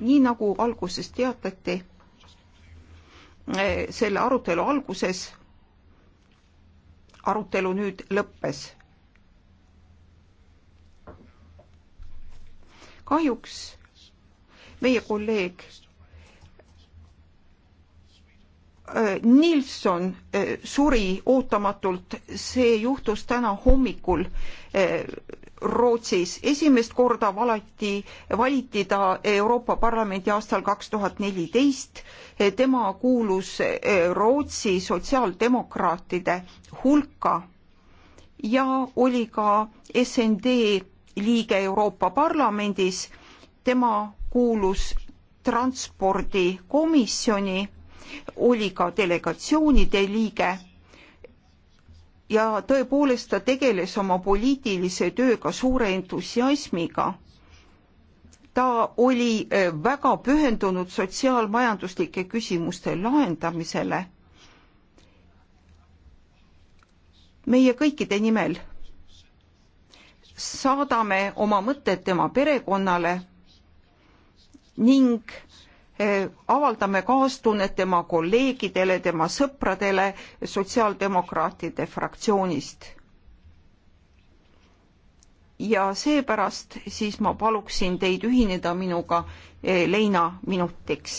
nii nagu alguses teatati, eh, selle arutelu alguses, arutelu nüüd lõppes. kahjuks meie kolleeg Äh, Nilsson äh, suri ootamatult, see juhtus täna hommikul äh, Rootsis. esimest korda valati, valiti ta Euroopa Parlamendi aastal kaks tuhat neliteist. tema kuulus Rootsi sotsiaaldemokraatide hulka ja oli ka SND liige Euroopa Parlamendis. tema kuulus transpordikomisjoni oli ka delegatsioonide liige ja tõepoolest ta tegeles oma poliitilise tööga suure entusiasmiga. ta oli eh, väga pühendunud sotsiaalmajanduslike küsimuste lahendamisele. meie kõikide nimel saadame oma mõtted tema perekonnale ning Eh, avaldame kaastunnet tema kolleegidele, tema sõpradele sotsiaaldemokraatide fraktsioonist. ja seepärast siis ma paluksin teid ühineda minuga eh, leinaminutiks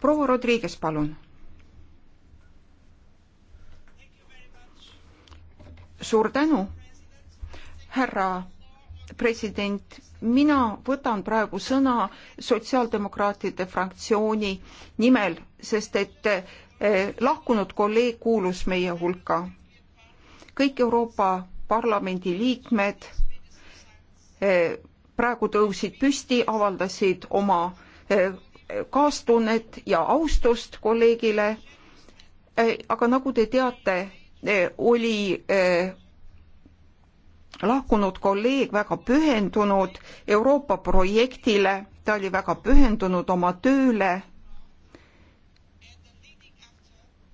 proua Rodriguez, palun. suur tänu, härra president, mina võtan praegu sõna sotsiaaldemokraatide fraktsiooni nimel, sest et eh, lahkunud kolleeg kuulus meie hulka. kõik Euroopa Parlamendi liikmed eh, praegu tõusid püsti, avaldasid oma eh, kaastunnet ja austust kolleegile. Eh, aga nagu te teate, eh, oli lahkunud kolleeg väga pühendunud Euroopa projektile, ta oli väga pühendunud oma tööle.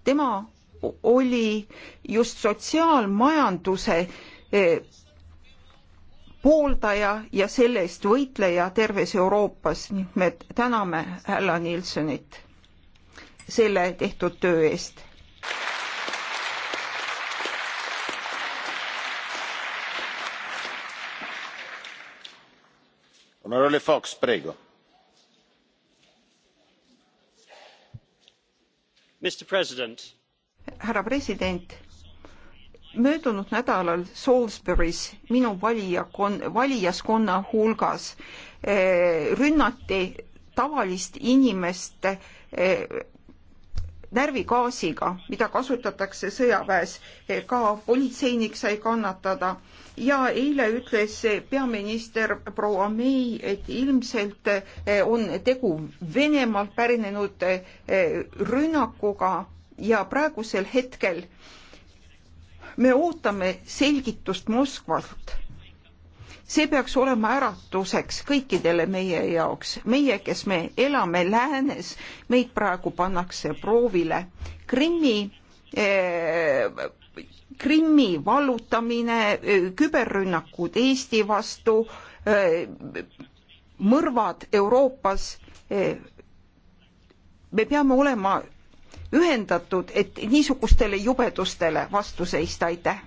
tema oli just sotsiaalmajanduse pooldaja ja selle eest võitleja terves Euroopas ning me täname Alla Nilssonit selle tehtud töö eest. Honorable Fox, prego. härra president möödunud nädalal Salisbury's minu valijakon-, valijaskonna hulgas eh, rünnati tavalist inimest eh, närvigaasiga, mida kasutatakse sõjaväes, eh, ka politseinik sai kannatada ja eile ütles peaminister proua May, et ilmselt on tegu Venemaalt pärinenud rünnakuga ja praegusel hetkel me ootame selgitust Moskvalt. see peaks olema äratuseks kõikidele meie jaoks, meie, kes me elame läänes, meid praegu pannakse proovile. Krimmi eh, Krimmi vallutamine, eh, küberrünnakud Eesti vastu, eh, mõrvad Euroopas. Eh, me peame olema ühendatud, et niisugustele jubedustele vastu seista, aitäh!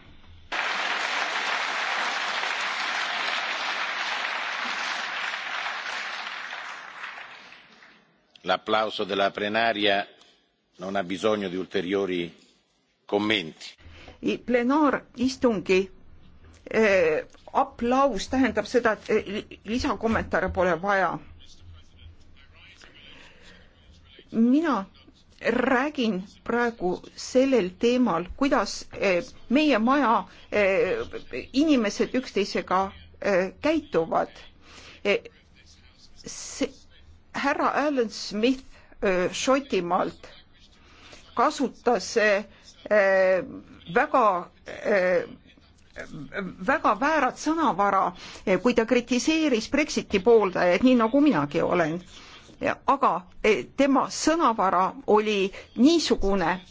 l'applauso della plenaria non ha bisogno di ulteriori commenti. plenaaristungi eh, aplaus tähendab seda, et eh, lisakommentaare pole vaja. mina räägin praegu sellel teemal, kuidas eh, meie maja eh, inimesed üksteisega eh, käituvad. härra Alan Smith Šotimaalt kasutas väga väga väärat sõnavara, kui ta kritiseeris Brexiti pooldajaid, nii nagu minagi olen aga e, tema sõnavara oli niisugune,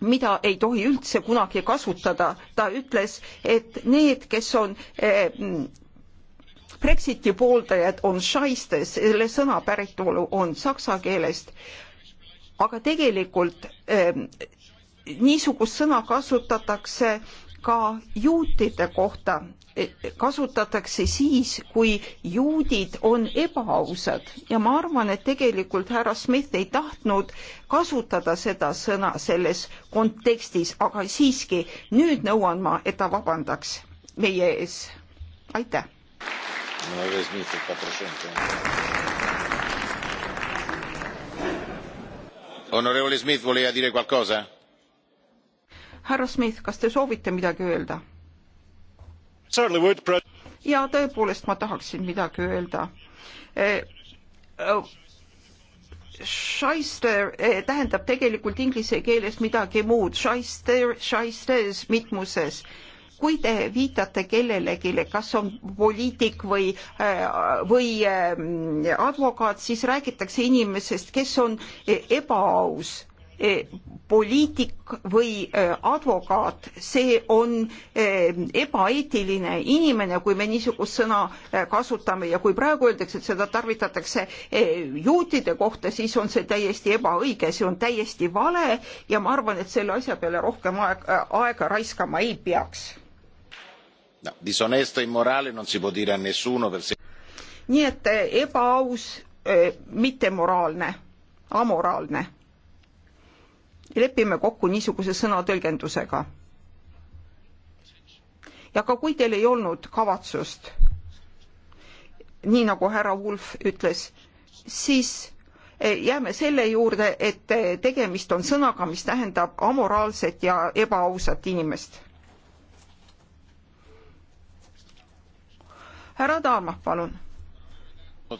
mida ei tohi üldse kunagi kasutada. ta ütles, et need, kes on e, Brexiti pooldajad, on šaistes, selle sõna päritolu on saksa keelest. aga tegelikult e, niisugust sõna kasutatakse ka juutide kohta e, e, kasutatakse siis, kui juudid on ebaausad ja ma arvan, et tegelikult härra Smith ei tahtnud kasutada seda sõna selles kontekstis, aga siiski nüüd nõuan ma, et ta vabandaks meie ees. aitäh. Onorevole Smith, voleva dire qualcosa? härra Smith, kas te soovite midagi öelda? ja tõepoolest, ma tahaksin midagi öelda. E, e, shyster e, tähendab tegelikult inglise keeles midagi muud, shyster, shysters mitmuses kui te viitate kellelegi, kas on poliitik või, või advokaat, siis räägitakse inimesest, kes on ebaaus. E, poliitik või e, advokaat, see on e, ebaeetiline inimene, kui me niisugust sõna kasutame ja kui praegu öeldakse, et seda tarvitatakse juutide kohta, siis on see täiesti ebaõige, see on täiesti vale ja ma arvan, et selle asja peale rohkem aeg, aega raiskama ei peaks. No, disonesto immorale non si può dire a nessuno per se... nii et ebaaus, mittemoraalne, amoraalne lepime kokku niisuguse sõnatõlgendusega. ja ka kui teil ei olnud kavatsust, nii nagu härra Wulf ütles, siis eh, jääme selle juurde, et eh, tegemist on sõnaga, mis tähendab amoraalset ja ebaausat inimest. härra Taarma, palun uh,.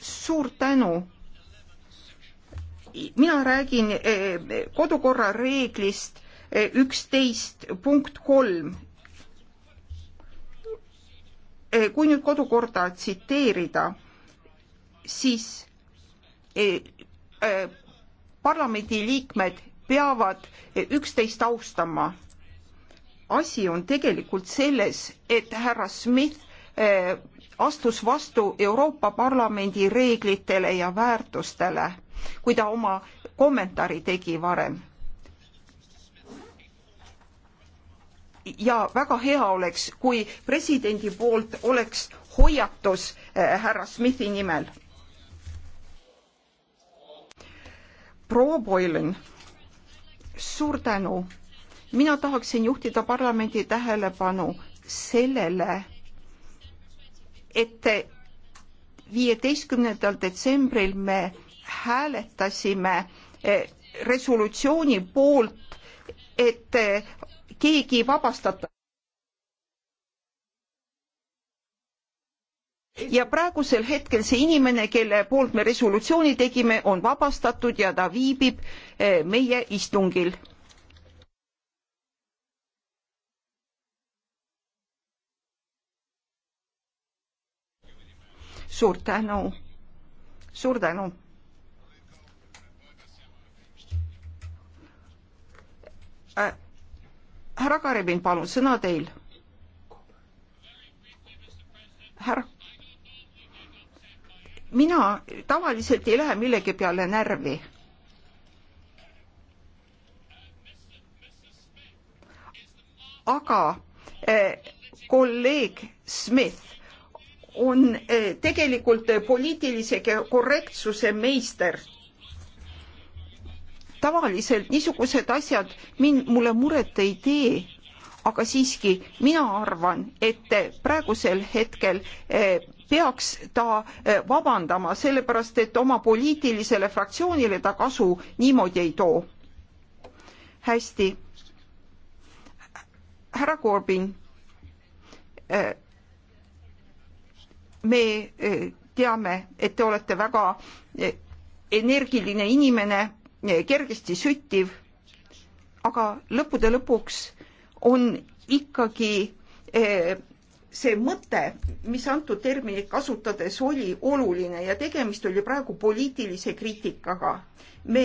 suur tänu mina räägin eh, eh, kodukorra reeglist eh, üksteist punkt kolm. kui nüüd kodukorda tsiteerida, siis parlamendiliikmed peavad üksteist austama. asi on tegelikult selles, et härra Smith astus vastu Euroopa Parlamendi reeglitele ja väärtustele kui ta oma kommentaari tegi varem. ja väga hea oleks, kui presidendi poolt oleks hoiatus äh, härra Smithi nimel. proua Boylan, suur tänu. mina tahaksin juhtida parlamendi tähelepanu sellele, et viieteistkümnendal detsembril me hääletasime eh, resolutsiooni poolt, et eh, keegi vabastata. ja praegusel hetkel see inimene, kelle poolt me resolutsiooni tegime, on vabastatud ja ta viibib eh, meie istungil. suur tänu, suur tänu. Äh, härra Karebin, palun, sõna teil. härra. mina tavaliselt ei lähe millegi peale närvi. aga eh, kolleeg Smith on äh, tegelikult poliitilise korrektsuse meister tavaliselt niisugused asjad min-, mulle muret ei tee, aga siiski mina arvan, et praegusel hetkel eh, peaks ta eh, vabandama, sellepärast et oma poliitilisele fraktsioonile ta kasu niimoodi ei too. hästi. härra Corbyn, eh, me teame, et te olete väga energiline inimene kergesti süttiv, aga lõppude lõpuks on ikkagi eh, see mõte, mis antud terminit kasutades oli oluline ja tegemist oli praegu poliitilise kriitikaga. me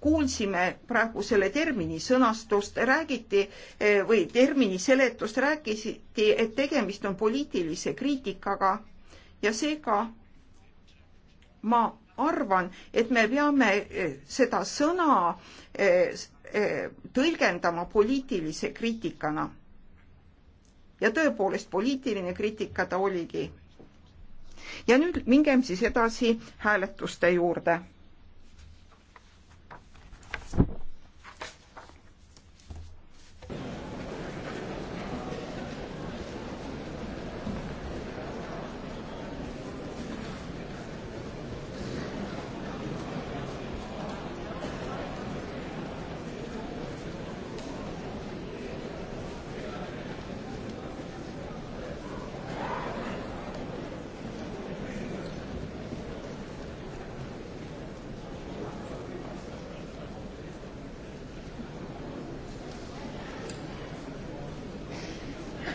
kuulsime praegu selle termini sõnastust, räägiti eh, või termini seletust, rääkisiti, et tegemist on poliitilise kriitikaga ja seega ma arvan, et me peame eh, seda sõna eh, eh, tõlgendama poliitilise kriitikana. ja tõepoolest, poliitiline kriitika ta oligi. ja nüüd mingem siis edasi hääletuste juurde